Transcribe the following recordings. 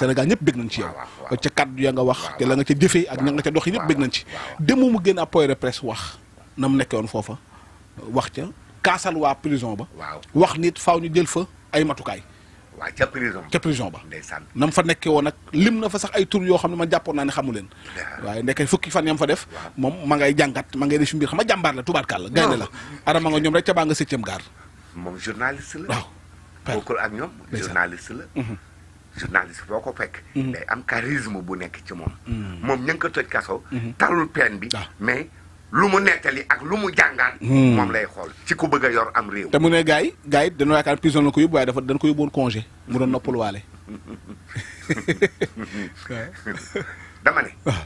Sénégal ñëpp bég nañ ci yow ca kaddu ya nga wax te la nga ca jëfee ak ña nga ca dox yi ñëpp bég nañ ci demu mu gën a point de presse wax na mu nekkoon foofa wax ca kaasal waa prison ba wax nit faaw ñu jël fa ay matukaay waaw ca prison ca prison ba ndeysaan nam fa nekke woon nag lim na fa sax ay tur yoo xam ne ma jàppoon naa ne xamu leen waaye nekkee fukki fan yam fa def moom ma ngay jàngat ma ngay def mbir xam nga jàmbaar la tubaarkàlla gaynde la arama nga ñoom rek ca baa nga septième gaar moom journaliste la waaw bokkul ak ñoom la mhm. journaliste boo ko fekk. Mhm. day am charisme bu nekk ci moom. Mhm. moom ña ngi ko tëj kaso. Mhm. tarul peine bi ah. mais. lu mu nettali ak lu mu jàngaat. moom lay xool ci ku bëgg yor am réew. te mu ne gars yi gars yi dañoo yaakaar prison la ko yóbbu waaye dafa dañ ko yóbboon mu doon noppaluwaale. dama ne. Ah.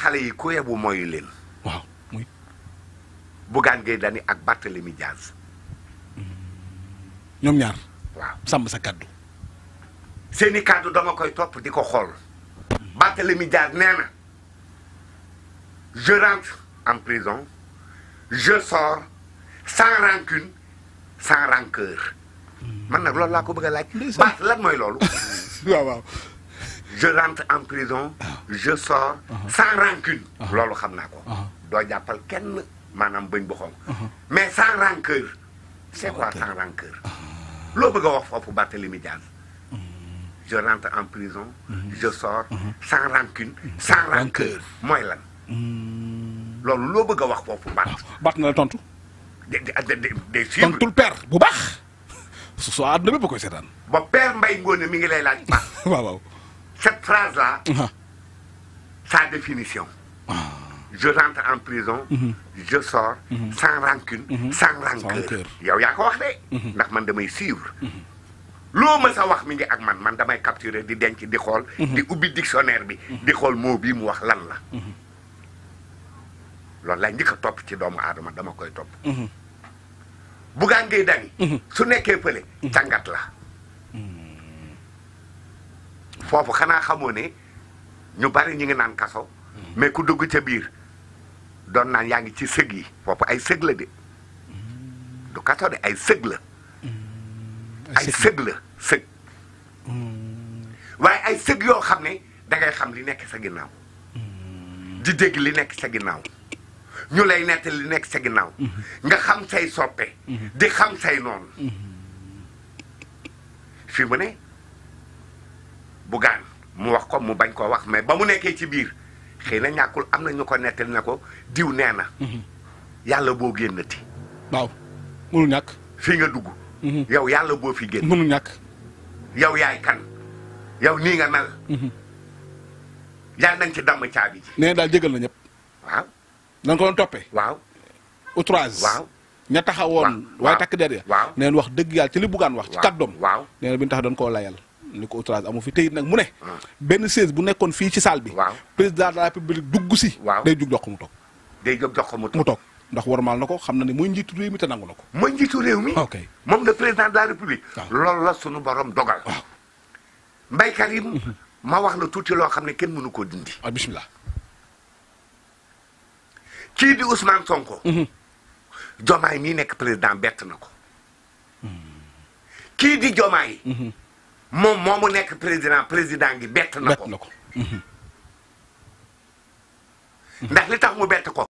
xale yi ku yebu mooy leen. waaw muy. Bougane Gueye Dany ak Barthélémy Dias. ñoom ñaar. sàmm sa kàddu seeni kàddu dama koy topp di ko xool Barthélémy Dias nee na je rentre en prison je sors sans rancune sans rancœur man nag loolu laa ko bëgg a laaj Bart lan mooy loolu waaw waaw je rentre en prison je sors ah. uh-huh. sans rancune uh-huh. loolu xam naa ko uh-huh. doo jàppal kenn maanaam bëñ bu xonq mais sans rancœur c'est ah, quoi sans rancœur loo bëgg a wax foofu Barthélemy Diaz je rentre en prison mhm. je sors mhm. sans rancune sans rancœur mooy lan hmm. loolu loo bëgg a wax foofu Bart ah, Bart na la tontu de de de tontul père bu baax su soo àdduna bépp koy seetaan ba père Mbaye Ngoné mi ngi lay laaj Bart waaw waaw cette phrase là uh-huh. sa définition ah. je rentre en prison. je sors. sans rancune. sans rancœur yow yaa ko wax de. ndax man damay suivre. loo ma sa wax mi ngi ak man man damay capturer di denc di xool. di ubbi dictionnaire bi. di xool moo bii mu wax lan la. loolu laa njëkk topp ci doomu aadama dama koy topp. Bougane Gueye Dany. su nekkee fële càngat la. foofu xanaa xamoo ne ñu bari ñu ngi naan kaso. mais ku dugg ca biir. doon naan yaa ngi ci sëg yi foofu ay sëg la de mm. du kaso de ay sëg la mm. ay sëg la sëg mm. waaye ay sëg yoo xam ne dangay xam li nekk sa ginnaaw di dégg li nekk sa ginnaaw ñu lay nett li nekk sa ginnaaw mm-hmm. nga xam say soppe mm-hmm. di xam say noonu mm-hmm. fi mu ne bu gaan mu wax ko mu bañ koo wax mais ba mu nekkee ci biir xëy na ñàkkul am na ñu ko nettali ne ko diw nee na. Mhm. yàlla boo génnati. waaw mënu ñàkk. fii nga dugg. Mhm. yow yàlla boo fi génn. mënu ñàkk. yow yaay kan. yow nii nga mel. Mhm. yaa nañ ci damm caabi ji. nee daal jégal na ñëpp. waaw. na nga ko doon toppee. waaw. outrage. waaw ña taxawoon. waaw waaye takk der ya. waaw neen wax dëgg yàlla ci li buggaan wax. ci kàddoom. waaw bi ñu tax doon koo layal. ni ko outrage amu fi tey nag mu ne. benn chaise bu nekkoon fii ci salle bi. waaw président de la république dugg si. waaw day jug jox ko mu toog. day jóg ko mu toog mu toog ndox warmaal na ko xam na ne mooy njiitu réew mi te nangu na ko. mooy njiitu réew mi. ok moom la président de la république. loolu la sunu borom dogal. waaw Mbaye mhm. ma wax la tuuti loo xam ne kenn mënu koo dindi. ah bisimilah. kii di Ousmane Sonko. Jomaay mhm. mii nekk président bett na ko. Mhm. kii di Jomaay. moom moomu nekk président président gi bett na ko bett na ko. ndax li tax mu bett ko.